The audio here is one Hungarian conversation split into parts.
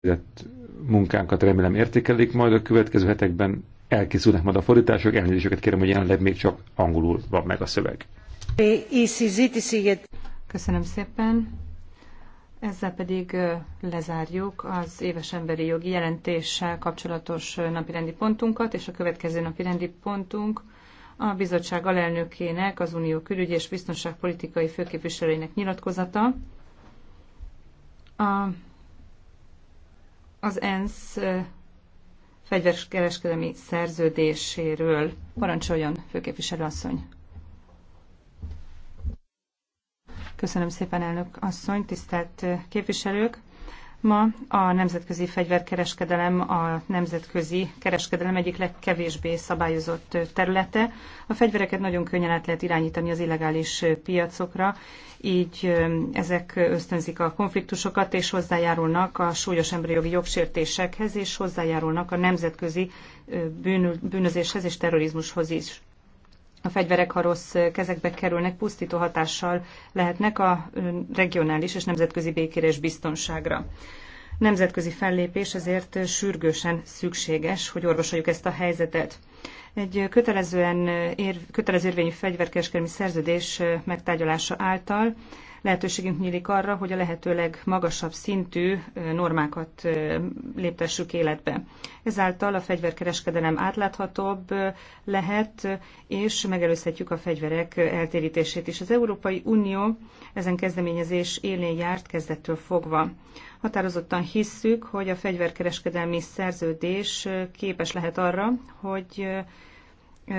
végzett munkánkat remélem értékelik, majd a következő hetekben elkészülnek majd a fordítások, elnézéseket kérem, hogy jelenleg még csak angolul van meg a szöveg. Köszönöm szépen. Ezzel pedig lezárjuk az éves emberi jogi jelentéssel kapcsolatos napirendi pontunkat, és a következő napirendi pontunk a bizottság alelnökének, az Unió külügyi és biztonságpolitikai főképviselőinek nyilatkozata. A az ENSZ fegyverskereskedelmi szerződéséről. Parancsoljon, főképviselő asszony! Köszönöm szépen, elnök asszony, tisztelt képviselők! Ma a nemzetközi fegyverkereskedelem a nemzetközi kereskedelem egyik legkevésbé szabályozott területe. A fegyvereket nagyon könnyen át lehet irányítani az illegális piacokra, így ezek ösztönzik a konfliktusokat, és hozzájárulnak a súlyos emberi jogi jogsértésekhez, és hozzájárulnak a nemzetközi bűnözéshez és terrorizmushoz is a fegyverek, ha rossz kezekbe kerülnek, pusztító hatással lehetnek a regionális és nemzetközi békére és biztonságra. Nemzetközi fellépés ezért sürgősen szükséges, hogy orvosoljuk ezt a helyzetet. Egy kötelezően ér, kötelező érvényű fegyverkereskedelmi szerződés megtárgyalása által lehetőségünk nyílik arra, hogy a lehető legmagasabb szintű normákat léptessük életbe. Ezáltal a fegyverkereskedelem átláthatóbb lehet, és megelőzhetjük a fegyverek eltérítését is. Az Európai Unió ezen kezdeményezés élén járt kezdettől fogva. Határozottan hisszük, hogy a fegyverkereskedelmi szerződés képes lehet arra, hogy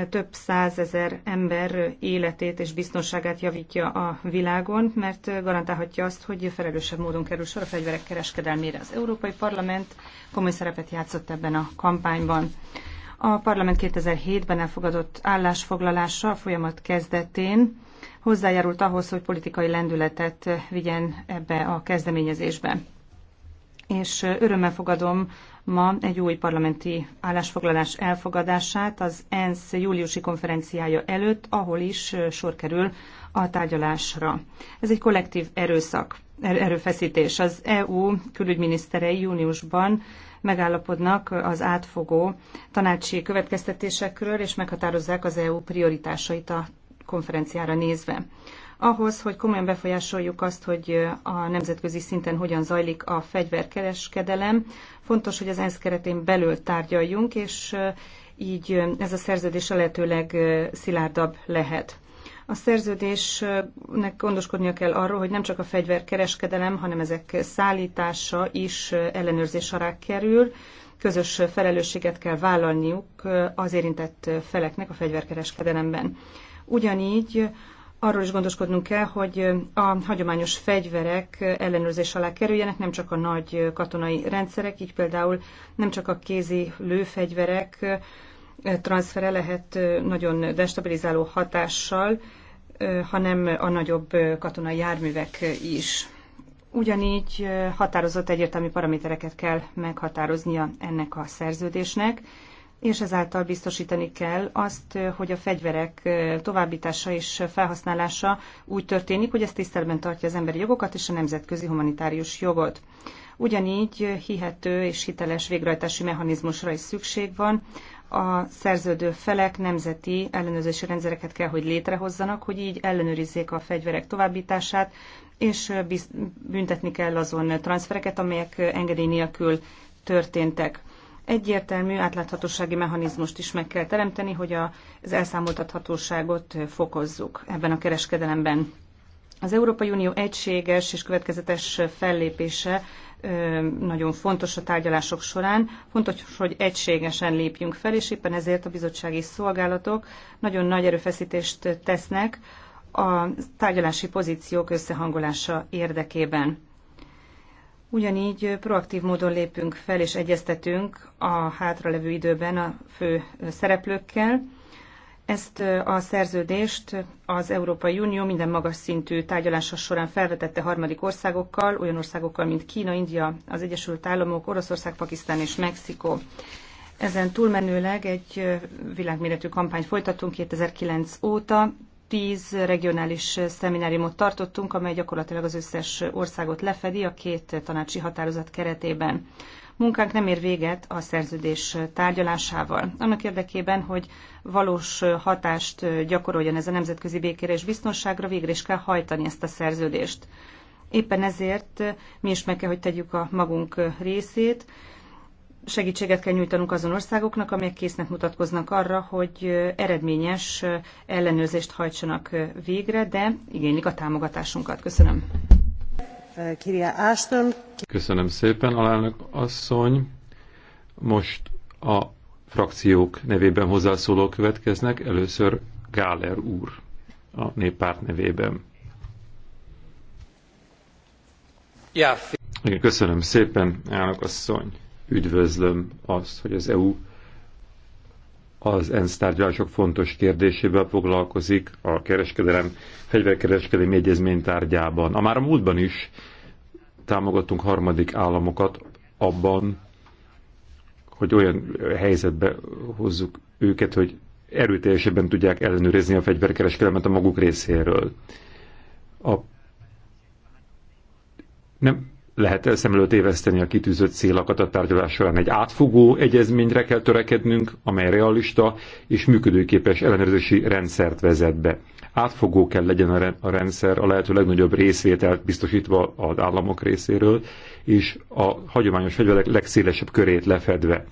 több százezer ember életét és biztonságát javítja a világon, mert garantálhatja azt, hogy felelősebb módon kerül sor a fegyverek kereskedelmére. Az Európai Parlament komoly szerepet játszott ebben a kampányban. A parlament 2007-ben elfogadott állásfoglalása a folyamat kezdetén hozzájárult ahhoz, hogy politikai lendületet vigyen ebbe a kezdeményezésbe. És örömmel fogadom ma egy új parlamenti állásfoglalás elfogadását az ENSZ júliusi konferenciája előtt, ahol is sor kerül a tárgyalásra. Ez egy kollektív erőszak, er-, erőfeszítés. Az EU külügyminiszterei júniusban megállapodnak az átfogó tanácsi következtetésekről, és meghatározzák az EU prioritásait a konferenciára nézve ahhoz, hogy komolyan befolyásoljuk azt, hogy a nemzetközi szinten hogyan zajlik a fegyverkereskedelem. Fontos, hogy az ENSZ keretén belül tárgyaljunk, és eh, így eh, ez a szerződés a lehetőleg szilárdabb lehet. A szerződésnek gondoskodnia kell arról, hogy nem csak a fegyverkereskedelem, hanem ezek szállítása is eh, ellenőrzés alá kerül. Közös felelősséget kell vállalniuk az érintett feleknek a fegyverkereskedelemben. Ugyanígy arról is gondoskodnunk kell, hogy a hagyományos fegyverek ellenőrzés alá kerüljenek, nem csak a nagy katonai rendszerek, így például nem csak a kézi lőfegyverek e, transfere lehet nagyon destabilizáló hatással, hanem a nagyobb katonai járművek is. Ugyanígy határozott egyértelmű paramétereket kell meghatároznia ennek a szerződésnek, és ezáltal biztosítani kell azt, hogy a fegyverek továbbítása és felhasználása úgy történik, hogy ez tiszteletben tartja az emberi jogokat és a nemzetközi humanitárius jogot. Ugyanígy hihető és hiteles végrehajtási mechanizmusra is szükség van. A szerződő felek nemzeti ellenőrzési rendszereket kell, hogy létrehozzanak, hogy így ellenőrizzék a fegyverek továbbítását, és büntetni kell azon transfereket, amelyek engedély nélkül történtek egyértelmű átláthatósági mechanizmust is meg kell teremteni, hogy az elszámoltathatóságot fokozzuk ebben a kereskedelemben. Az Európai Unió egységes és következetes fellépése nagyon fontos a tárgyalások során. Fontos, hogy egységesen lépjünk fel, és éppen ezért a bizottsági szolgálatok nagyon nagy erőfeszítést tesznek a tárgyalási pozíciók összehangolása érdekében. Ugyanígy proaktív módon lépünk fel és egyeztetünk a hátralevő időben a fő szereplőkkel. Ezt a szerződést az Európai Unió minden magas szintű tárgyalása során felvetette harmadik országokkal, olyan országokkal, mint Kína, India, az Egyesült Államok, Oroszország, Pakisztán és Mexikó. Ezen túlmenőleg egy világméretű kampányt folytatunk 2009 óta, tíz regionális szemináriumot tartottunk, amely gyakorlatilag az összes országot lefedi a két tanácsi határozat keretében. Munkánk nem ér véget a szerződés tárgyalásával. Annak érdekében, hogy valós hatást gyakoroljon ez a nemzetközi békére és biztonságra, végre is kell hajtani ezt a szerződést. Éppen ezért mi is meg kell, hogy tegyük a magunk részét, segítséget kell nyújtanunk azon országoknak, amelyek késznek mutatkoznak arra, hogy eredményes ellenőrzést hajtsanak végre, de igénylik a támogatásunkat. Köszönöm. Köszönöm szépen, alelnök asszony. Most a frakciók nevében hozzászólók következnek. Először Gáler úr a néppárt nevében. Ja. Igen, köszönöm szépen, elnök asszony Üdvözlöm azt, hogy az EU az ENSZ tárgyalások fontos kérdésével foglalkozik a kereskedelem, fegyverkereskedelmi egyezmény tárgyában. A már a múltban is támogattunk harmadik államokat abban, hogy olyan helyzetbe hozzuk őket, hogy erőteljesebben tudják ellenőrizni a fegyverkereskedelmet a maguk részéről. A nem lehet szem előtt éveszteni a kitűzött célakat a tárgyalás során. Egy átfogó egyezményre kell törekednünk, amely realista és működőképes ellenőrzési rendszert vezet be. Átfogó kell legyen a rendszer, a lehető legnagyobb részvételt biztosítva az államok részéről, és a hagyományos fegyverek legszélesebb körét lefedve.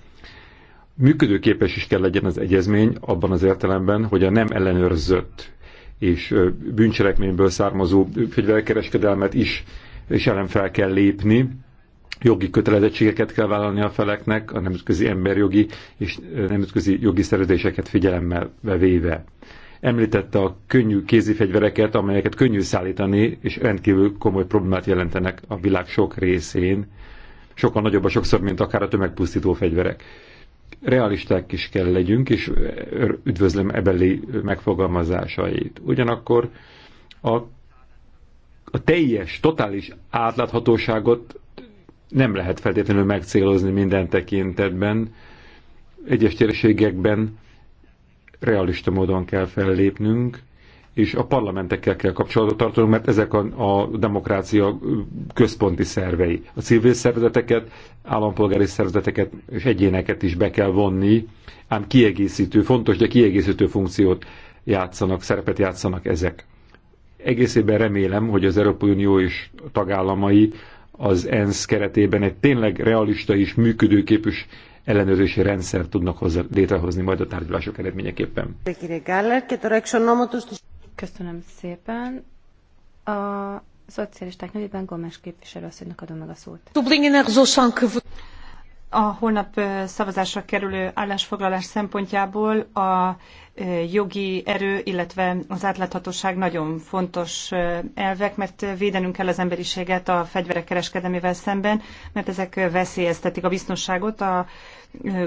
Működőképes is kell legyen az egyezmény abban az értelemben, hogy a nem ellenőrzött és bűncselekményből származó fegyverkereskedelmet is és ellen fel kell lépni, jogi kötelezettségeket kell vállalni a feleknek, a nemzetközi emberjogi és nemzetközi jogi szerződéseket figyelemmel véve. Említette a könnyű kézifegyvereket, amelyeket könnyű szállítani, és rendkívül komoly problémát jelentenek a világ sok részén, sokkal nagyobb a sokszor, mint akár a tömegpusztító fegyverek. Realisták is kell legyünk, és üdvözlöm ebeli megfogalmazásait. Ugyanakkor a a teljes, totális átláthatóságot nem lehet feltétlenül megcélozni minden tekintetben. Egyes térségekben realista módon kell fellépnünk, és a parlamentekkel kell kapcsolatot tartanunk, mert ezek a, a demokrácia központi szervei. A civil szervezeteket, állampolgári szervezeteket és egyéneket is be kell vonni, ám kiegészítő, fontos, de kiegészítő funkciót játszanak, szerepet játszanak ezek. Egészében remélem, hogy az Európai Unió és tagállamai az ENSZ keretében egy tényleg realista és működőképes ellenőrzési rendszer tudnak hozzá létrehozni majd a tárgyalások eredményeképpen. Köszönöm szépen. A szocialisták nevében Gomes képviselőasszonynak adom meg a szót. A holnap szavazásra kerülő állásfoglalás szempontjából a jogi erő, illetve az átláthatóság nagyon fontos elvek, mert védenünk kell az emberiséget a fegyverek kereskedelmével szemben, mert ezek veszélyeztetik a biztonságot a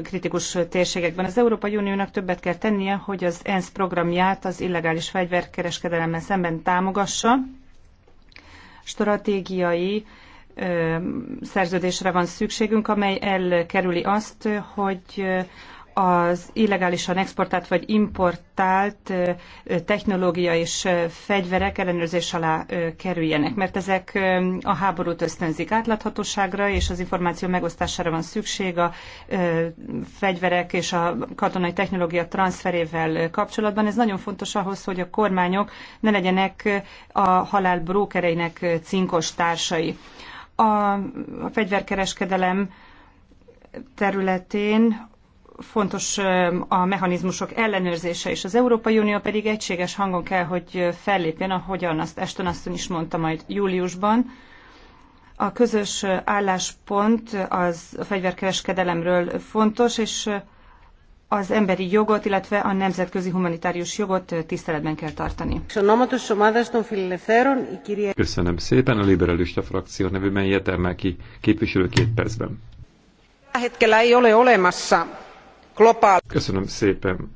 kritikus térségekben. Az Európai Uniónak többet kell tennie, hogy az ENSZ programját az illegális fegyverkereskedelemmel szemben támogassa, stratégiai szerződésre van szükségünk, amely elkerüli azt, hogy az illegálisan exportált vagy importált technológia és fegyverek ellenőrzés alá kerüljenek, mert ezek a háborút ösztönzik átláthatóságra, és az információ megosztására van szükség a fegyverek és a katonai technológia transferével kapcsolatban. Ez nagyon fontos ahhoz, hogy a kormányok ne legyenek a halál brókereinek cinkos társai a, a fegyverkereskedelem területén fontos a mechanizmusok ellenőrzése, és az Európai Unió pedig egységes hangon kell, hogy fellépjen, ahogyan azt Eston asszony is mondta majd júliusban. A közös álláspont az a fegyverkereskedelemről fontos, és az emberi jogot, illetve a nemzetközi humanitárius jogot tiszteletben kell tartani. Köszönöm szépen a liberalista frakció nevében Jetermel ki képviselő két percben. Köszönöm szépen.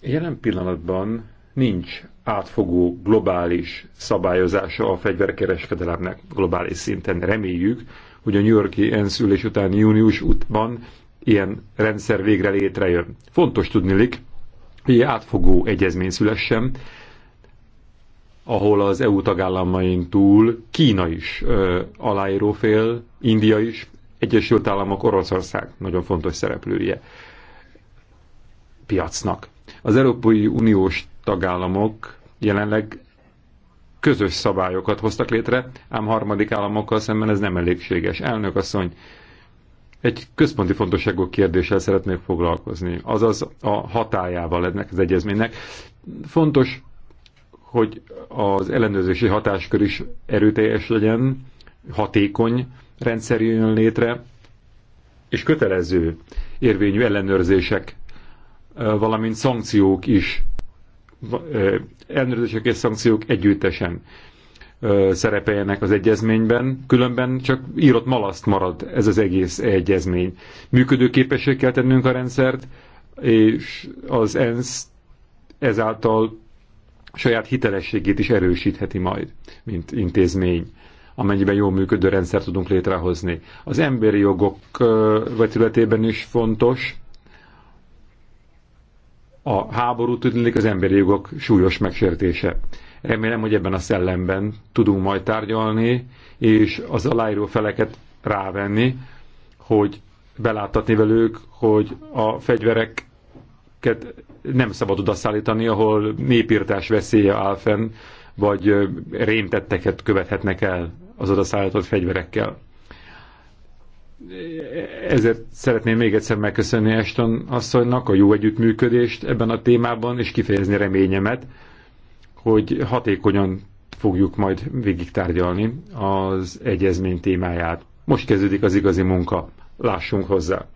Jelen pillanatban nincs átfogó globális szabályozása a fegyverkereskedelemnek globális szinten. Reméljük, hogy a New Yorki ENSZ ülés után júniusban ilyen rendszer végre létrejön. Fontos tudnilik, hogy átfogó egyezmény szülessen, ahol az EU tagállamain túl Kína is ö, aláíró fél, India is, Egyesült Államok, Oroszország nagyon fontos szereplője piacnak. Az Európai Uniós tagállamok jelenleg közös szabályokat hoztak létre, ám harmadik államokkal szemben ez nem elégséges. Elnök asszony, egy központi fontosságú kérdéssel szeretnék foglalkozni, azaz a hatájával ennek az egyezménynek. Fontos, hogy az ellenőrzési hatáskör is erőteljes legyen, hatékony rendszer jön létre, és kötelező érvényű ellenőrzések, valamint szankciók is, ellenőrzések és szankciók együttesen szerepeljenek az egyezményben, különben csak írott malaszt marad ez az egész egyezmény. Működőképessé kell tennünk a rendszert, és az ENSZ ezáltal saját hitelességét is erősítheti majd, mint intézmény amennyiben jó működő rendszer tudunk létrehozni. Az emberi jogok vetületében is fontos, a háború tudnék az emberi jogok súlyos megsértése. Remélem, hogy ebben a szellemben tudunk majd tárgyalni, és az aláíró feleket rávenni, hogy beláttatni velük, hogy a fegyvereket nem szabad odaszállítani, ahol népírtás veszélye áll fenn, vagy rémtetteket követhetnek el az odaszállított fegyverekkel. Ezért szeretném még egyszer megköszönni Eston asszonynak a jó együttműködést ebben a témában, és kifejezni reményemet, hogy hatékonyan fogjuk majd végig tárgyalni az egyezmény témáját. Most kezdődik az igazi munka. Lássunk hozzá.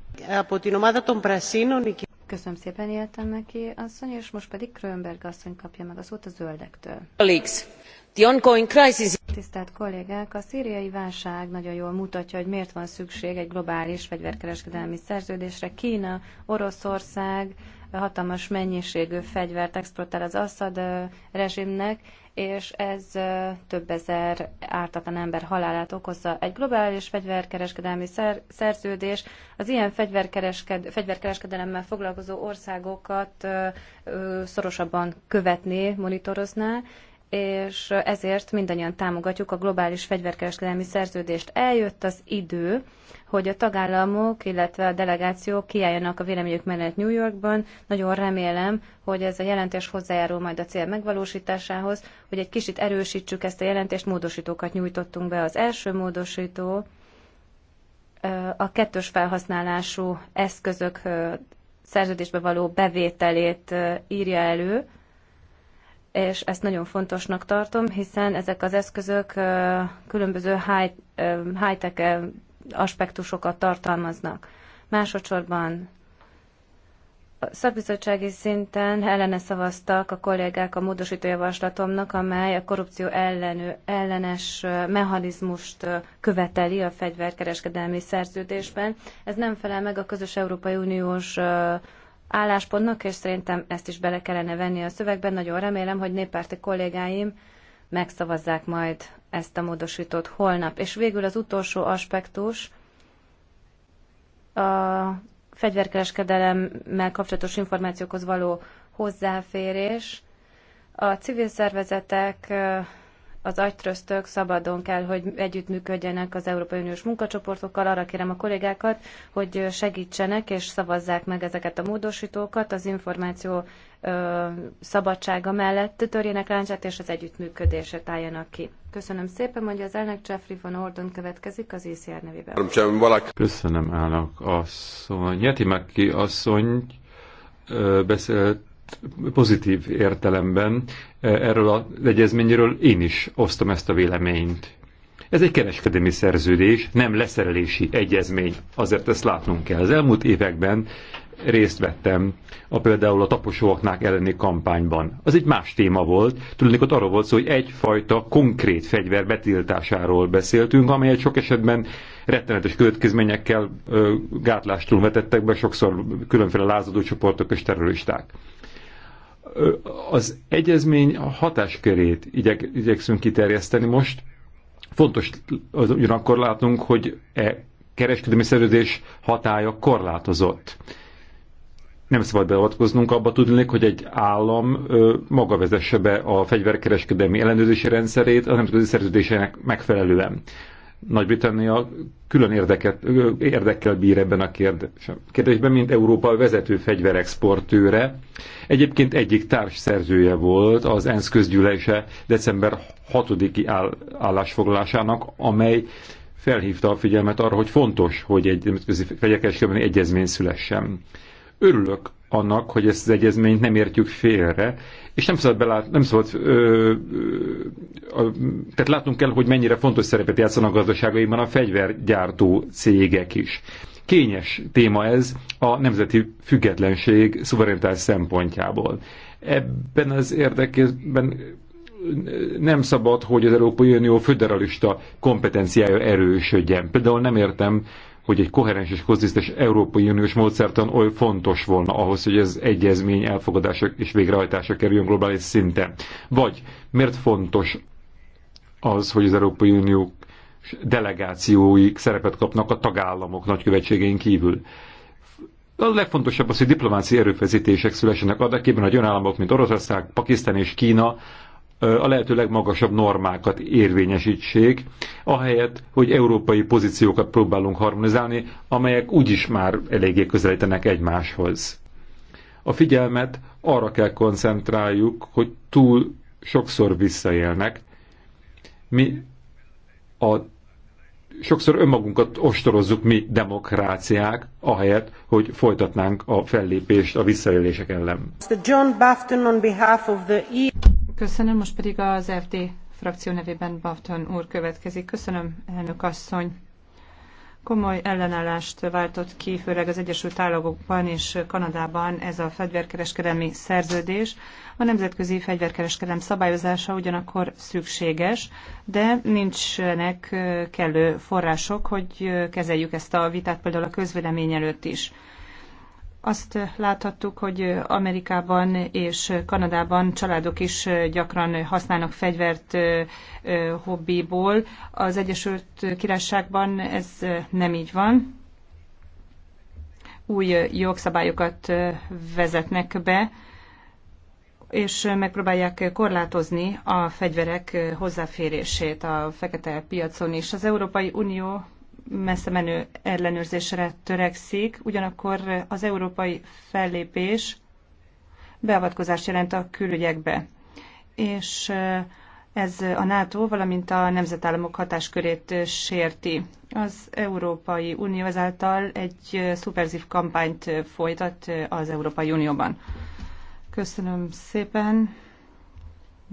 Köszönöm szépen, éltem neki asszony, és most pedig Krönberg asszony kapja meg a szót a zöldektől. the ongoing crisis... Tisztelt kollégák, a szíriai válság nagyon jól mutatja, hogy miért van szükség egy globális fegyverkereskedelmi szerződésre. Kína, Oroszország, hatalmas mennyiségű fegyvert exportál az Assad rezsimnek, és ez több ezer ártatlan ember halálát okozza. Egy globális fegyverkereskedelmi szer- szerződés az ilyen fegyverkeresked- fegyverkereskedelemmel foglalkozó országokat ö, ö, szorosabban követné, monitorozná, és ezért mindannyian támogatjuk a globális fegyverkereskedelmi szerződést. Eljött az idő, hogy a tagállamok, illetve a delegációk kiálljanak a véleményük mellett New Yorkban. Nagyon remélem, hogy ez a jelentés hozzájárul majd a cél megvalósításához, hogy egy kicsit erősítsük ezt a jelentést, módosítókat nyújtottunk be. Az első módosító a kettős felhasználású eszközök szerződésbe való bevételét írja elő, és ezt nagyon fontosnak tartom, hiszen ezek az eszközök különböző high-tech aspektusokat tartalmaznak. Másodszorban a szakbizottsági szinten ellene szavaztak a kollégák a módosítójavaslatomnak, amely a korrupció ellenő, ellenes mechanizmust követeli a fegyverkereskedelmi szerződésben. Ez nem felel meg a közös Európai Uniós álláspontnak, és szerintem ezt is bele kellene venni a szövegben. Nagyon remélem, hogy néppárti kollégáim megszavazzák majd ezt a módosítót holnap. És végül az utolsó aspektus, a fegyverkereskedelemmel kapcsolatos információkhoz való hozzáférés. A civil szervezetek az agytröztök szabadon kell, hogy együttműködjenek az Európai Uniós munkacsoportokkal. Arra kérem a kollégákat, hogy segítsenek és szavazzák meg ezeket a módosítókat, az információ ö, szabadsága mellett törjenek láncsát és az együttműködésért álljanak ki. Köszönöm szépen, mondja az elnök Jeffrey von Orden következik az ICR e nevében. Köszönöm, elnök asszony. Nyeti Mekki asszony beszélt pozitív értelemben e, erről a egyezményről én is osztom ezt a véleményt. Ez egy kereskedelmi szerződés, nem leszerelési egyezmény, azért ezt látnunk kell. Az elmúlt években részt vettem a például a taposóaknák elleni kampányban. Az egy más téma volt, tulajdonképpen arról volt szó, hogy egyfajta konkrét fegyver betiltásáról beszéltünk, amelyet sok esetben rettenetes következményekkel gátlástól vetettek be sokszor különféle lázadó csoportok és terroristák az egyezmény hatáskörét igyek, igyekszünk kiterjeszteni most. Fontos az ugyanakkor látnunk, hogy e kereskedelmi szerződés hatája korlátozott. Nem szabad beavatkoznunk abba tudni, hogy egy állam ö, maga vezesse be a fegyverkereskedelmi ellenőrzési rendszerét a nemzetközi szerződésének megfelelően. Nagy-Britannia külön érdeket, érdekkel bír ebben a kérdésben, mint Európa vezető fegyverexportőre. Egyébként egyik társszerzője volt az ENSZ közgyűlése december 6-i áll, állásfoglalásának, amely felhívta a figyelmet arra, hogy fontos, hogy egy nemzetközi fegyverkereskedelmi egyezmény szülessen. Örülök annak, hogy ezt az egyezményt nem értjük félre, és nem szabad belát, nem szabad, ö, ö, a, tehát látnunk kell, hogy mennyire fontos szerepet játszanak gazdaságaiban a fegyvergyártó cégek is. Kényes téma ez a nemzeti függetlenség szuverenitás szempontjából. Ebben az érdekében nem szabad, hogy az Európai Unió föderalista kompetenciája erősödjen. Például nem értem, hogy egy koherens és konzisztens Európai Uniós módszertan oly fontos volna ahhoz, hogy ez egyezmény elfogadása és végrehajtása kerüljön globális szinten. Vagy miért fontos az, hogy az Európai Unió delegációi szerepet kapnak a tagállamok nagykövetségein kívül? A legfontosabb az, hogy diplomáciai erőfeszítések szülessenek adakében, hogy olyan államok, mint Oroszország, Pakisztán és Kína a lehető legmagasabb normákat érvényesítsék, ahelyett, hogy európai pozíciókat próbálunk harmonizálni, amelyek úgyis már eléggé közelítenek egymáshoz. A figyelmet arra kell koncentráljuk, hogy túl sokszor visszaélnek. Mi a sokszor önmagunkat ostorozzuk mi demokráciák, ahelyett, hogy folytatnánk a fellépést a visszaélések ellen. John Bafton on behalf of the e- Köszönöm, most pedig az FD frakció nevében Bafton úr következik. Köszönöm, elnök asszony. Komoly ellenállást váltott ki, főleg az Egyesült Államokban és Kanadában ez a fegyverkereskedelmi szerződés. A nemzetközi fegyverkereskedelem szabályozása ugyanakkor szükséges, de nincsenek kellő források, hogy kezeljük ezt a vitát például a közvélemény előtt is. Azt láthattuk, hogy Amerikában és Kanadában családok is gyakran használnak fegyvert hobbiból. Az Egyesült Királyságban ez nem így van. Új jogszabályokat vezetnek be, és megpróbálják korlátozni a fegyverek hozzáférését a fekete piacon is. Az Európai Unió messze menő ellenőrzésre törekszik, ugyanakkor az európai fellépés beavatkozást jelent a külügyekbe. És eh, ez a NATO, valamint a nemzetállamok hatáskörét eh, sérti. Az Európai Unió ezáltal egy eh, szuperzív kampányt folytat az Európai Unióban. Köszönöm szépen.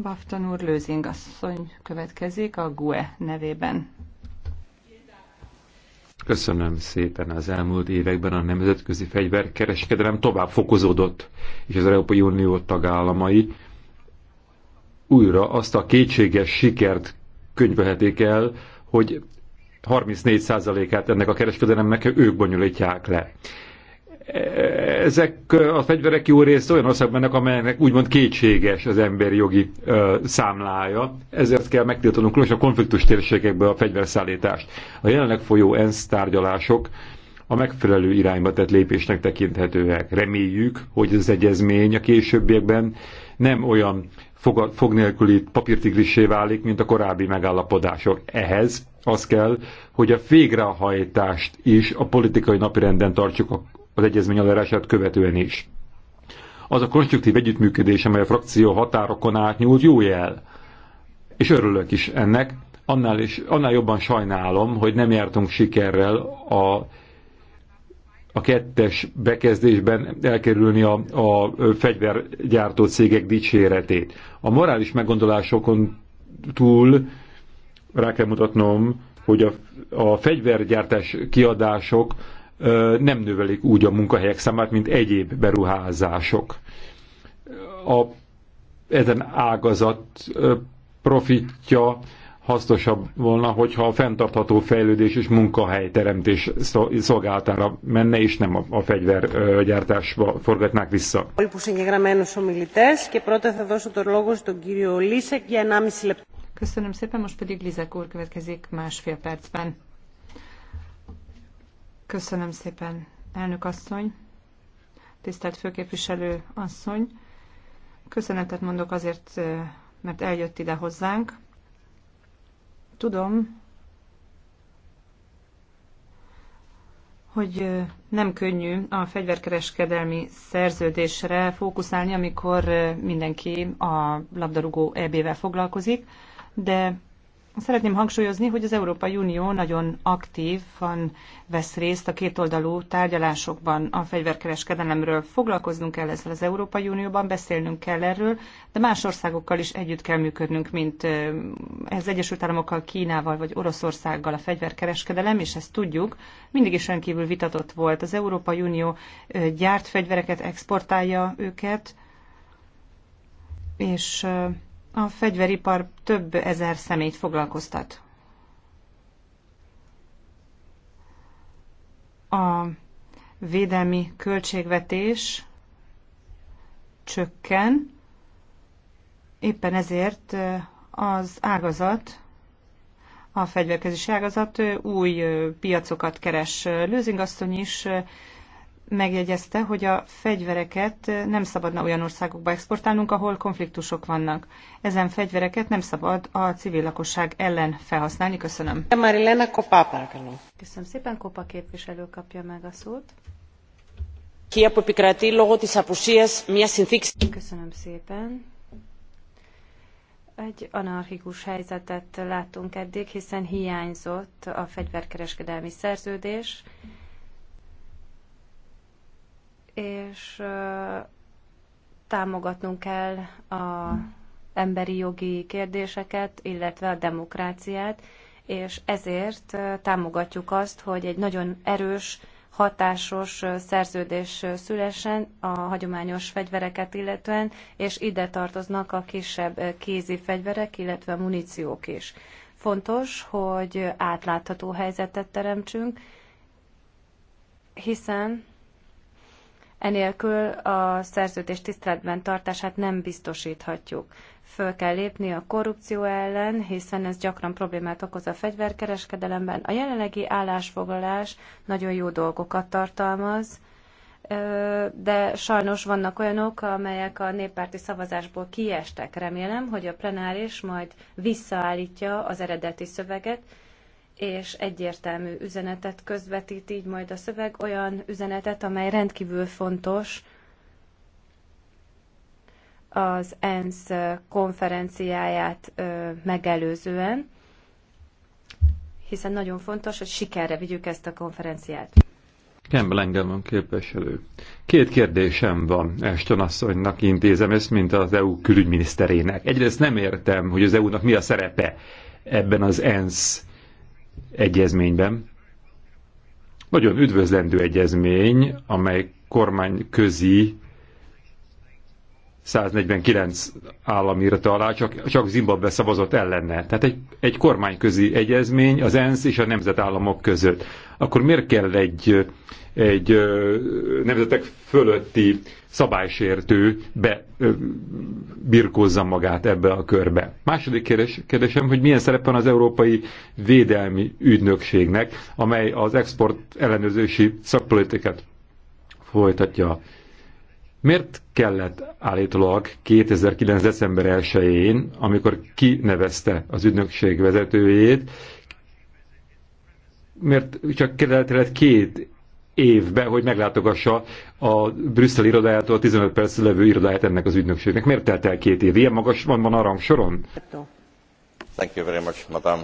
Baftan úr Lőzing asszony következik a GUE nevében. Köszönöm szépen. Az elmúlt években a nemzetközi fegyverkereskedelem tovább fokozódott, és az Európai Unió tagállamai újra azt a kétséges sikert könyvelhetik el, hogy 34%-át ennek a kereskedelemnek ők bonyolítják le ezek a fegyverek jó része olyan országban mennek, amelynek úgymond kétséges az emberi jogi ö, számlája, ezért kell megtiltanunk különösen a konfliktus térségekből a fegyverszállítást. A jelenleg folyó ENSZ tárgyalások a megfelelő irányba tett lépésnek tekinthetőek. Reméljük, hogy az egyezmény a későbbiekben nem olyan fog, fog nélküli papírtigrissé válik, mint a korábbi megállapodások. Ehhez az kell, hogy a végrehajtást is a politikai napirenden tartsuk a az egyezmény alárását követően is. Az a konstruktív együttműködés, amely a frakció határokon átnyúlt, jó jel. És örülök is ennek, annál, is, annál jobban sajnálom, hogy nem jártunk sikerrel a, a kettes bekezdésben elkerülni a, a fegyvergyártó cégek dicséretét. A morális meggondolásokon túl rá kell mutatnom, hogy a, a fegyvergyártás kiadások nem növelik úgy a munkahelyek számát, mint egyéb beruházások. A, ezen ágazat profitja hasznosabb volna, hogyha a fenntartható fejlődés és munkahelyteremtés szolgáltára menne, és nem a, a fegyvergyártásba forgatnák vissza. Köszönöm szépen, most pedig Lizek úr következik másfél percben. Köszönöm szépen, elnök asszony, tisztelt főképviselő asszony. Köszönetet mondok azért, mert eljött ide hozzánk. Tudom, hogy nem könnyű a fegyverkereskedelmi szerződésre fókuszálni, amikor mindenki a labdarúgó EB-vel foglalkozik, de Szeretném hangsúlyozni, hogy az Európai Unió nagyon aktívan vesz részt a kétoldalú tárgyalásokban a fegyverkereskedelemről. Foglalkoznunk kell ezzel az Európai Unióban, beszélnünk kell erről, de más országokkal is együtt kell működnünk, mint az Egyesült Államokkal, Kínával vagy Oroszországgal a fegyverkereskedelem, és ezt tudjuk, mindig is rendkívül vitatott volt. Az Európai Unió gyárt fegyvereket, exportálja őket, és a fegyveripar több ezer szemét foglalkoztat. A védelmi költségvetés csökken, éppen ezért az ágazat, a fegyverkezési ágazat új piacokat keres. Lőzingasszony is megjegyezte, hogy a fegyvereket nem szabadna olyan országokba exportálnunk, ahol konfliktusok vannak. Ezen fegyvereket nem szabad a civil lakosság ellen felhasználni. Köszönöm. Marilena Köszönöm szépen, Kopa képviselő kapja meg a szót. Köszönöm szépen. Egy anarchikus helyzetet látunk, eddig, hiszen hiányzott a fegyverkereskedelmi szerződés és támogatnunk kell a emberi jogi kérdéseket, illetve a demokráciát, és ezért támogatjuk azt, hogy egy nagyon erős, hatásos szerződés szülessen a hagyományos fegyvereket illetően, és ide tartoznak a kisebb kézi fegyverek, illetve muníciók is. Fontos, hogy átlátható helyzetet teremtsünk, hiszen Enélkül a szerződés tiszteletben tartását nem biztosíthatjuk. Föl kell lépni a korrupció ellen, hiszen ez gyakran problémát okoz a fegyverkereskedelemben. A jelenlegi állásfoglalás nagyon jó dolgokat tartalmaz, de sajnos vannak olyanok, amelyek a néppárti szavazásból kiestek. Remélem, hogy a plenáris majd visszaállítja az eredeti szöveget, és egyértelmű üzenetet közvetít így majd a szöveg, olyan üzenetet, amely rendkívül fontos az ENSZ konferenciáját megelőzően, hiszen nagyon fontos, hogy sikerre vigyük ezt a konferenciát. Campbell engem van képviselő. Két kérdésem van Eston asszonynak, intézem ezt, mint az EU külügyminiszterének. Egyrészt nem értem, hogy az EU-nak mi a szerepe ebben az ENSZ egyezményben. Nagyon üdvözlendő egyezmény, amely kormány közi 149 állam írta alá, csak, csak Zimbabwe szavazott ellene. Tehát egy, egy kormányközi egyezmény az ENSZ és a nemzetállamok között. Akkor miért kell egy egy nemzetek fölötti szabálysértő be birkózza magát ebbe a körbe. Második kérdés, kérdésem, hogy milyen szerep van az Európai Védelmi Ügynökségnek, amely az export ellenőrzési szakpolitikát folytatja. Miért kellett állítólag 2009. december 1-én, amikor kinevezte az ügynökség vezetőjét, miért csak kellett, kellett két évbe, hogy meglátogassa a Brüsszel irodájától a 15 perc levő irodáját ennek az ügynökségnek. Miért telt el két év? Ilyen magas van, van arra soron? Thank you very much, madam.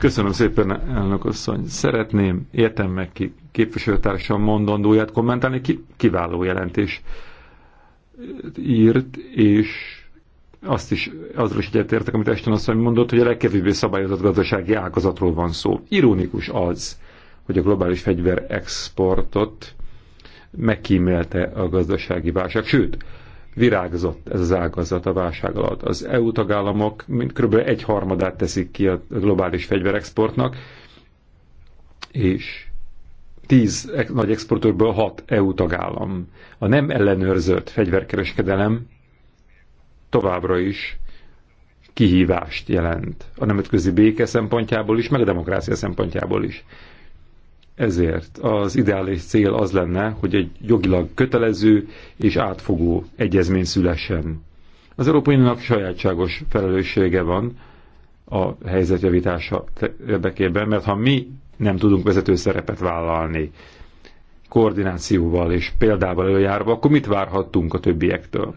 Köszönöm szépen, elnök asszony. Szeretném, értem meg ki képviselőtársam mondandóját kommentálni, ki, kiváló jelentés írt, és azt is, azról is egyetértek, amit Esten asszony mondott, hogy a legkevésbé szabályozott gazdasági ágazatról van szó. Ironikus az, hogy a globális fegyver exportot megkímélte a gazdasági válság, sőt, virágzott ez az ágazat a válság alatt. Az EU tagállamok kb. egy harmadát teszik ki a globális fegyverexportnak, és tíz nagy exportőrből hat EU tagállam. A nem ellenőrzött fegyverkereskedelem továbbra is kihívást jelent. A nemzetközi béke szempontjából is, meg a demokrácia szempontjából is. Ezért az ideális cél az lenne, hogy egy jogilag kötelező és átfogó egyezmény szülessen. Az Európai Uniónak sajátságos felelőssége van a helyzetjavítása érdekében, mert ha mi nem tudunk vezető szerepet vállalni koordinációval és példával előjárva, akkor mit várhattunk a többiektől?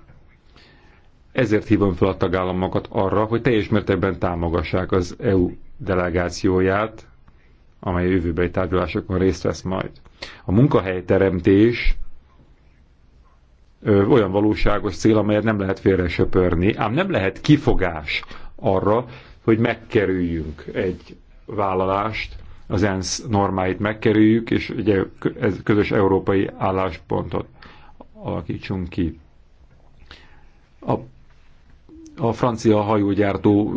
Ezért hívom fel a tagállamokat arra, hogy teljes mértékben támogassák az EU delegációját, amely a jövőbeli tárgyalásokon részt vesz majd. A munkahelyteremtés ö, olyan valóságos cél, amelyet nem lehet félre söpörni, ám nem lehet kifogás arra, hogy megkerüljünk egy vállalást, az ENSZ normáit megkerüljük, és ugye ez közös európai álláspontot alakítsunk ki. A a francia hajógyártó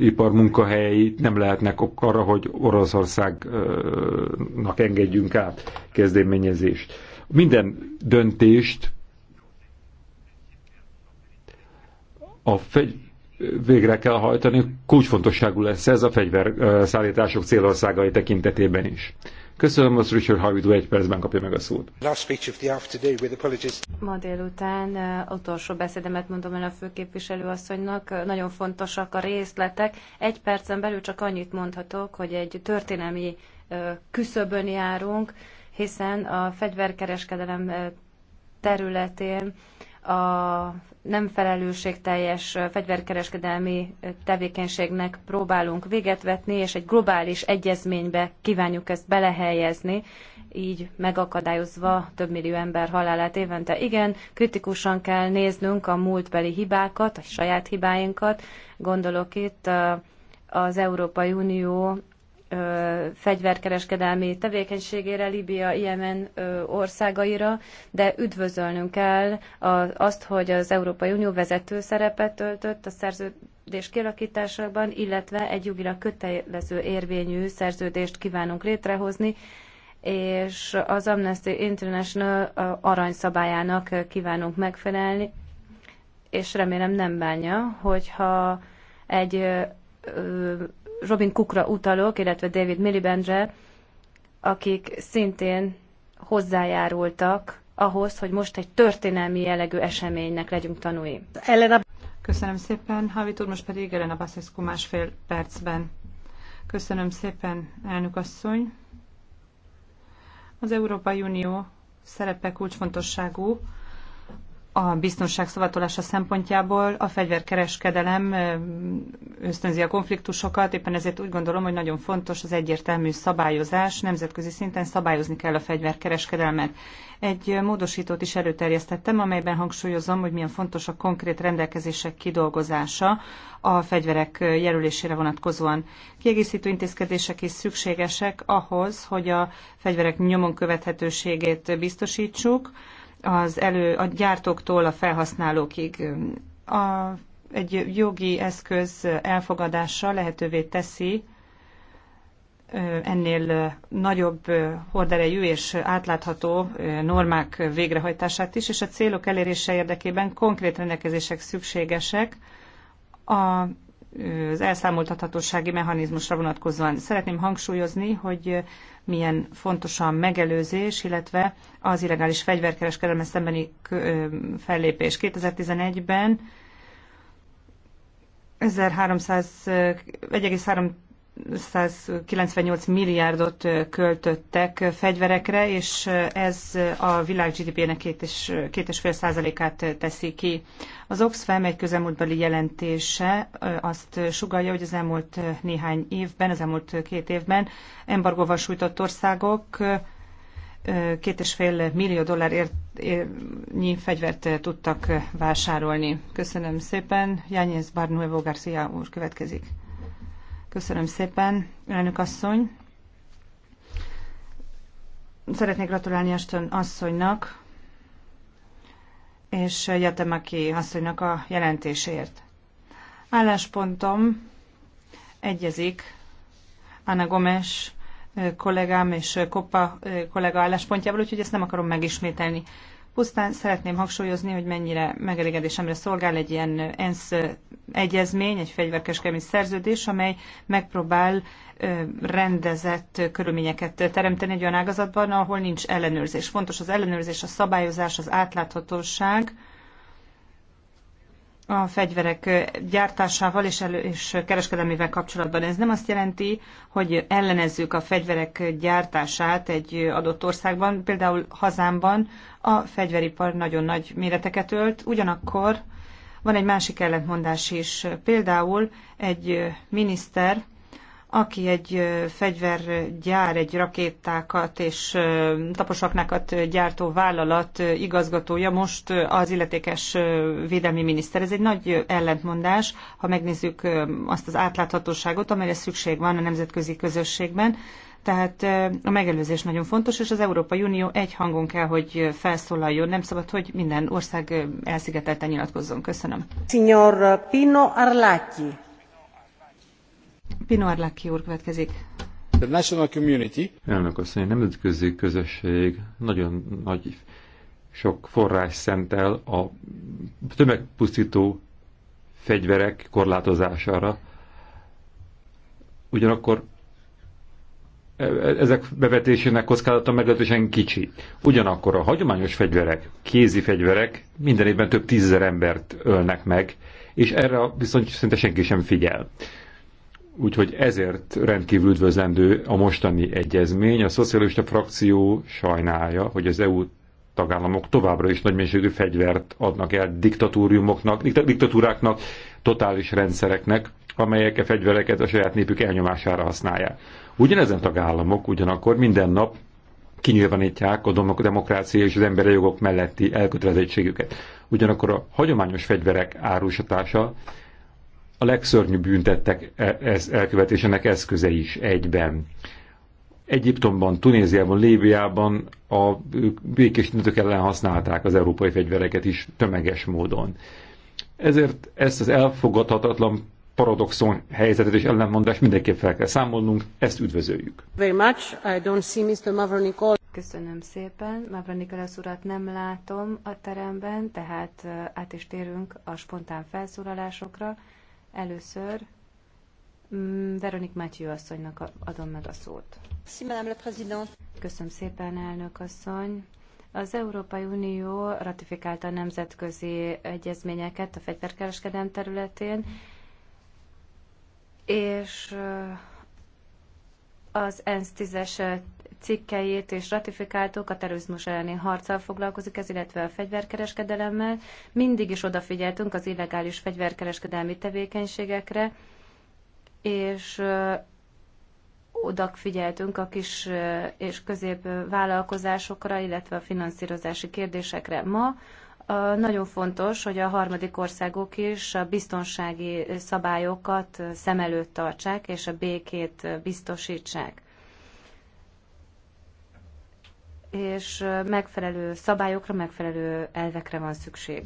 ipar munkahelyeit nem lehetnek arra, hogy Oroszországnak engedjünk át kezdeményezést. Minden döntést a fegy, végre kell hajtani, kulcsfontosságú lesz ez a fegyverszállítások célországai tekintetében is. Köszönöm, most Richard harvey Harvidó egy percben kapja meg a szót. Ma délután utolsó beszédemet mondom el a főképviselő asszonynak. Nagyon fontosak a részletek. Egy percen belül csak annyit mondhatok, hogy egy történelmi küszöbön járunk, hiszen a fegyverkereskedelem területén a nem felelősségteljes fegyverkereskedelmi tevékenységnek próbálunk véget vetni, és egy globális egyezménybe kívánjuk ezt belehelyezni, így megakadályozva több millió ember halálát évente. Igen, kritikusan kell néznünk a múltbeli hibákat, a saját hibáinkat. Gondolok itt az Európai Unió ö, fegyverkereskedelmi tevékenységére, Líbia, Jemen ö, országaira, de üdvözölnünk kell a, azt, hogy az Európai Unió vezető szerepet töltött a szerződés kialakításában, illetve egy jogira kötelező érvényű szerződést kívánunk létrehozni, és az Amnesty International aranyszabályának kívánunk megfelelni, és remélem nem bánja, hogyha egy ö, Robin Cookra utalok, illetve David Milibandre, akik szintén hozzájárultak ahhoz, hogy most egy történelmi jellegű eseménynek legyünk tanúi. Elena. Köszönöm szépen, Havit úr, most pedig Elena Baszeszku másfél percben. Köszönöm szépen, elnök asszony. Az Európai Unió szerepe kulcsfontosságú a biztonság szavatolása szempontjából a fegyverkereskedelem ösztönzi a konfliktusokat, éppen ezért úgy gondolom, hogy nagyon fontos az egyértelmű szabályozás, nemzetközi szinten szabályozni kell a fegyverkereskedelmet. Egy módosítót is előterjesztettem, amelyben hangsúlyozom, hogy milyen fontos a konkrét rendelkezések kidolgozása a fegyverek jelölésére vonatkozóan. Kiegészítő intézkedések is szükségesek ahhoz, hogy a fegyverek nyomon követhetőségét biztosítsuk, az elő, a gyártóktól a felhasználókig. A, egy jogi eszköz elfogadása lehetővé teszi ennél nagyobb horderejű és átlátható normák végrehajtását is, és a célok elérése érdekében konkrét rendelkezések szükségesek a az elszámoltathatósági mechanizmusra vonatkozóan. Szeretném hangsúlyozni, hogy milyen fontos a megelőzés, illetve az illegális fegyverkereskedelme szembeni fellépés. 2011-ben 1300, 1,3 198 milliárdot költöttek fegyverekre, és ez a világ GDP-nek 2,5 százalékát teszi ki. Az Oxfam egy közelmúltbeli jelentése azt sugalja, hogy az elmúlt néhány évben, az elmúlt két évben embargóval sújtott országok két és fél millió dollár értnyi fegyvert tudtak vásárolni. Köszönöm szépen. Jányez Barnuevo Garcia úr következik. Köszönöm szépen, elnök asszony. Szeretnék gratulálni Aston asszonynak, és Jatemaki asszonynak a jelentésért. Álláspontom egyezik Anna Gomes kollégám és Koppa kollega álláspontjával, úgyhogy ezt nem akarom megismételni. Pusztán szeretném hangsúlyozni, hogy mennyire megelégedésemre szolgál egy ilyen ENSZ egyezmény, egy fegyverkeskedelmi szerződés, amely megpróbál rendezett körülményeket teremteni egy olyan ágazatban, ahol nincs ellenőrzés. Fontos az ellenőrzés, a szabályozás, az átláthatóság, a fegyverek gyártásával és, elő, és kereskedelmével kapcsolatban. Ez nem azt jelenti, hogy ellenezzük a fegyverek gyártását egy adott országban. Például hazámban a fegyveripar nagyon nagy méreteket ölt, ugyanakkor van egy másik ellentmondás is. Például egy miniszter aki egy fegyvergyár, egy rakétákat és taposaknákat gyártó vállalat igazgatója, most az illetékes védelmi miniszter. Ez egy nagy ellentmondás, ha megnézzük azt az átláthatóságot, amelyre szükség van a nemzetközi közösségben. Tehát a megelőzés nagyon fontos, és az Európai Unió egy hangon kell, hogy felszólaljon. Nem szabad, hogy minden ország elszigetelten nyilatkozzon. Köszönöm. Signor Pino Arlacchi. Pino úr következik. The national community. Elnök asszony, a nemzetközi közösség nagyon nagy sok forrás szentel a tömegpusztító fegyverek korlátozására. Ugyanakkor e, e, ezek bevetésének kockázata meglehetősen kicsi. Ugyanakkor a hagyományos fegyverek, kézi fegyverek minden évben több tízezer embert ölnek meg, és erre viszont szinte senki sem figyel. Úgyhogy ezért rendkívül üdvözlendő a mostani egyezmény. A szocialista frakció sajnálja, hogy az EU tagállamok továbbra is nagymennyiségű fegyvert adnak el diktatúriumoknak, diktatúráknak, totális rendszereknek, amelyek a fegyvereket a saját népük elnyomására használják. Ugyanezen tagállamok ugyanakkor minden nap kinyilvánítják a demokrácia és az emberi jogok melletti elkötelezettségüket. Ugyanakkor a hagyományos fegyverek árusatása a legszörnyűbb büntettek e- elkövetésének eszköze is egyben. Egyiptomban, Tunéziában, Líbiában a békés tüntetők ellen használták az európai fegyvereket is tömeges módon. Ezért ezt az elfogadhatatlan paradoxon helyzetet és ellentmondást mindenképp fel kell számolnunk, ezt üdvözöljük. Very much. I don't see Mr. Mavronikol. Köszönöm szépen. Mavronikolas urat nem látom a teremben, tehát át is térünk a spontán felszólalásokra. Először mm, Veronik Mátyő asszonynak adom meg a szót. Köszönöm szépen, elnök asszony. Az Európai Unió ratifikálta a nemzetközi egyezményeket a fegyverkereskedelem területén, és az ENSZ 10-es cikkejét és ratifikáltuk, a terrorizmus elleni harccal foglalkozik ez, illetve a fegyverkereskedelemmel. Mindig is odafigyeltünk az illegális fegyverkereskedelmi tevékenységekre, és odafigyeltünk a kis és közép vállalkozásokra, illetve a finanszírozási kérdésekre. Ma nagyon fontos, hogy a harmadik országok is a biztonsági szabályokat szem előtt tartsák, és a békét biztosítsák. és megfelelő szabályokra, megfelelő elvekre van szükség.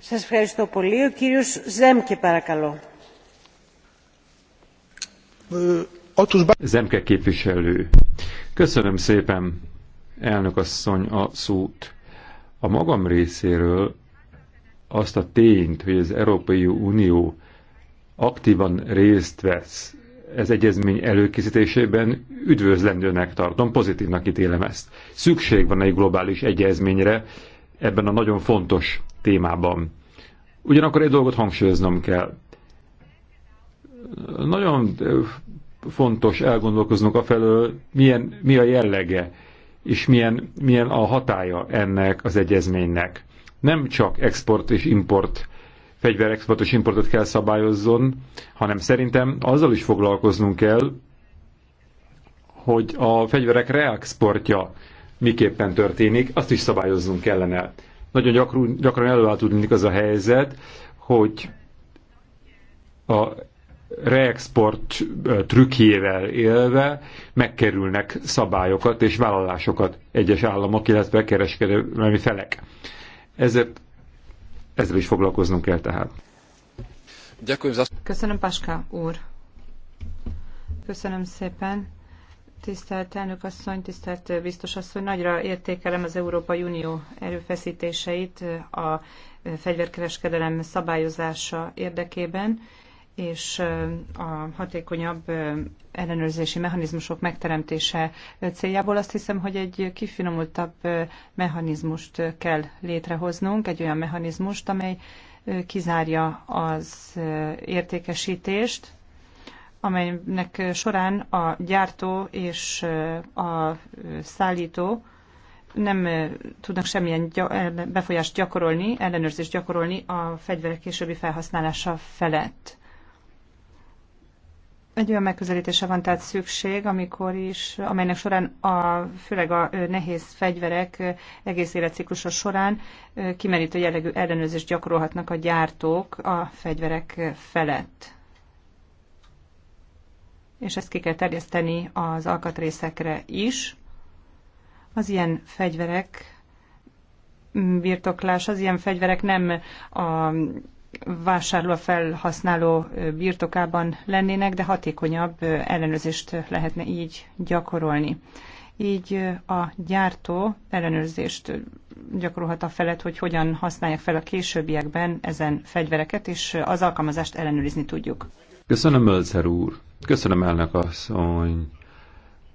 Zemke képviselő. Köszönöm szépen, elnök asszony, a szót. A magam részéről azt a tényt, hogy az Európai Unió aktívan részt vesz ez egyezmény előkészítésében üdvözlendőnek tartom, pozitívnak ítélem ezt. Szükség van egy globális egyezményre ebben a nagyon fontos témában. Ugyanakkor egy dolgot hangsúlyoznom kell. Nagyon fontos elgondolkoznunk a felől, milyen, mi a jellege, és milyen, milyen a hatája ennek az egyezménynek. Nem csak export és import fegyverexportos importot kell szabályozzon, hanem szerintem azzal is foglalkoznunk kell, hogy a fegyverek reexportja miképpen történik, azt is szabályoznunk kellene. Nagyon gyakran, gyakran előáll tudni az a helyzet, hogy a reexport trükkjével élve megkerülnek szabályokat és vállalásokat egyes államok, illetve kereskedelmi felek. Ezért ezzel is foglalkoznunk kell tehát. Köszönöm, Paska úr. Köszönöm szépen. Tisztelt elnök asszony, tisztelt biztos asszony, nagyra értékelem az Európai Unió erőfeszítéseit a fegyverkereskedelem szabályozása érdekében, és a hatékonyabb ellenőrzési mechanizmusok megteremtése céljából azt hiszem, hogy egy kifinomultabb mechanizmust kell létrehoznunk, egy olyan mechanizmust, amely kizárja az értékesítést, amelynek során a gyártó és a szállító nem tudnak semmilyen befolyást gyakorolni, ellenőrzést gyakorolni a fegyverek későbbi felhasználása felett. Egy olyan megközelítése van tehát szükség, amikor is, amelynek során a, főleg a nehéz fegyverek egész életciklusa során kimerítő jellegű ellenőrzést gyakorolhatnak a gyártók a fegyverek felett. És ezt ki kell terjeszteni az alkatrészekre is. Az ilyen fegyverek birtoklás, az ilyen fegyverek nem a vásárló felhasználó birtokában lennének, de hatékonyabb ellenőrzést lehetne így gyakorolni. Így a gyártó ellenőrzést gyakorolhat a felett, hogy hogyan használják fel a későbbiekben ezen fegyvereket, és az alkalmazást ellenőrizni tudjuk. Köszönöm, Mölzer úr. Köszönöm, elnök asszony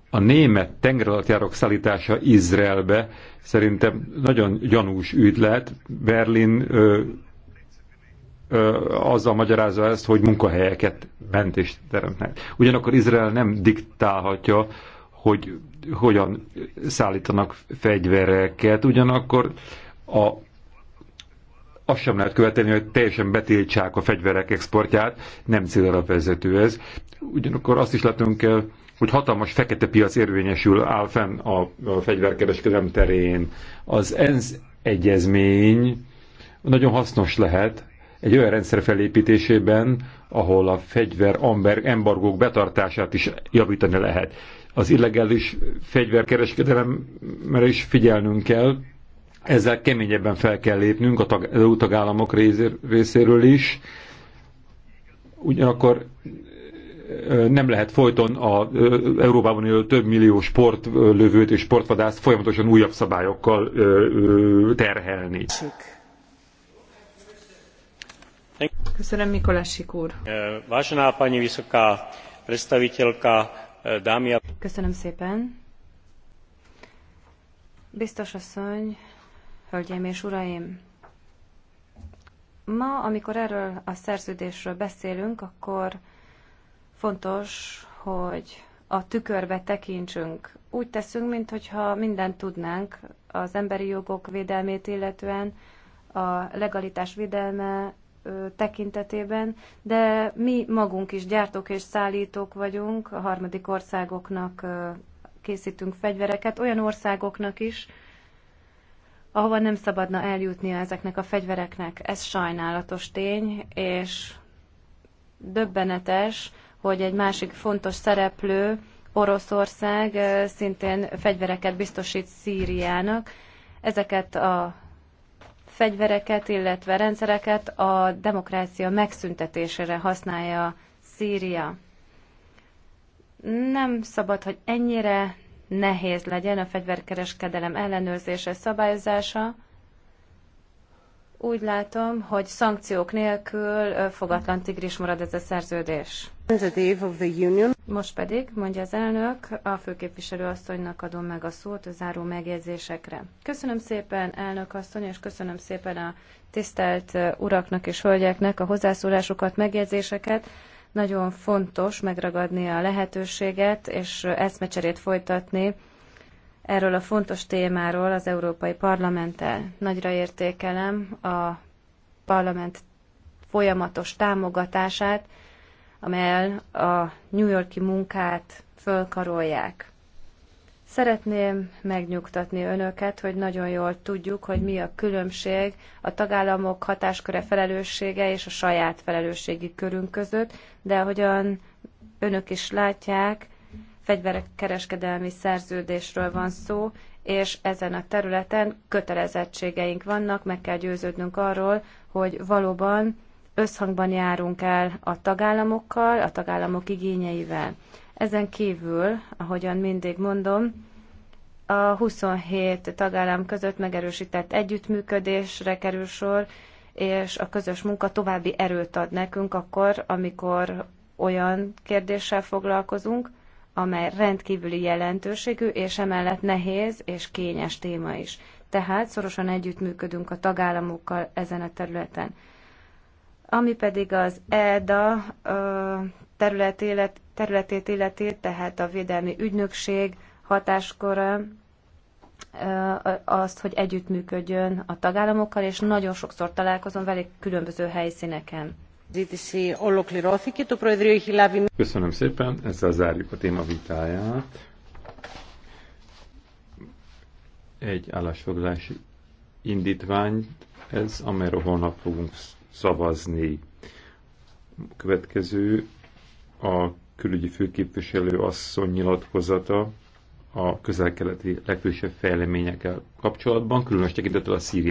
a német tengeralattjárók szállítása Izraelbe szerintem nagyon gyanús ügy lett. Berlin ö, azzal magyarázza ezt, hogy munkahelyeket mentést teremtnek. Ugyanakkor Izrael nem diktálhatja, hogy hogyan szállítanak fegyvereket, ugyanakkor a, azt sem lehet követelni, hogy teljesen betiltsák a fegyverek exportját, nem célra vezető ez. Ugyanakkor azt is látunk, kell, hogy hatalmas fekete piac érvényesül áll fenn a, a fegyverkereskedelem terén. Az ENSZ egyezmény nagyon hasznos lehet, egy olyan rendszer felépítésében, ahol a fegyver embargók betartását is javítani lehet. Az illegális fegyverkereskedelemre is figyelnünk kell, ezzel keményebben fel kell lépnünk a tag, tagállamok részéről is. Ugyanakkor nem lehet folyton a Európában élő több millió sportlövőt és sportvadászt folyamatosan újabb szabályokkal terhelni. Csik. Köszönöm, Mikolásik úr. Eh, vážená pani vysoká predstaviteľka, eh, dámy a... Köszönöm szépen. Biztos asszony, hölgyeim és uraim, ma, amikor erről a szerződésről beszélünk, akkor fontos, hogy a tükörbe tekintsünk. Úgy teszünk, mintha mindent tudnánk az emberi jogok védelmét illetően, a legalitás védelme tekintetében, de mi magunk is gyártók és szállítók vagyunk, a harmadik országoknak készítünk fegyvereket, olyan országoknak is, ahova nem szabadna eljutni ezeknek a fegyvereknek. Ez sajnálatos tény, és döbbenetes, hogy egy másik fontos szereplő, Oroszország szintén fegyvereket biztosít Szíriának. Ezeket a fegyvereket, illetve rendszereket a demokrácia megszüntetésére használja Szíria. Nem szabad, hogy ennyire nehéz legyen a fegyverkereskedelem ellenőrzése, szabályozása, úgy látom, hogy szankciók nélkül fogatlan tigris marad ez a szerződés. Most pedig, mondja az elnök, a főképviselő asszonynak adom meg a szót a záró megjegyzésekre. Köszönöm szépen, elnök asszony, és köszönöm szépen a tisztelt uraknak és hölgyeknek a hozzászólásokat, megjegyzéseket. Nagyon fontos megragadni a lehetőséget és eszmecserét folytatni erről a fontos témáról az Európai Parlamenttel. Nagyra értékelem a parlament folyamatos támogatását, amelyel a New Yorki munkát fölkarolják. Szeretném megnyugtatni önöket, hogy nagyon jól tudjuk, hogy mi a különbség a tagállamok hatásköre felelőssége és a saját felelősségi körünk között, de ahogyan önök is látják, fegyverek kereskedelmi szerződésről van szó, és ezen a területen kötelezettségeink vannak, meg kell győződnünk arról, hogy valóban összhangban járunk el a tagállamokkal, a tagállamok igényeivel. Ezen kívül, ahogyan mindig mondom, a 27 tagállam között megerősített együttműködésre kerül sor, és a közös munka további erőt ad nekünk akkor, amikor olyan kérdéssel foglalkozunk, amely rendkívüli jelentőségű, és emellett nehéz és kényes téma is. Tehát szorosan együttműködünk a tagállamokkal ezen a területen. Ami pedig az EDA terület élet, területét illeti, tehát a Védelmi Ügynökség hatáskora, azt, hogy együttműködjön a tagállamokkal, és nagyon sokszor találkozom velük különböző helyszíneken. Köszönöm szépen, ezzel zárjuk a téma vitáját. Egy állásfoglalási indítvány, ez, amelyről holnap fogunk szavazni. Következő a külügyi főképviselő asszony nyilatkozata a közel-keleti legfősebb fejleményekkel kapcsolatban, különös tekintettel a szíriai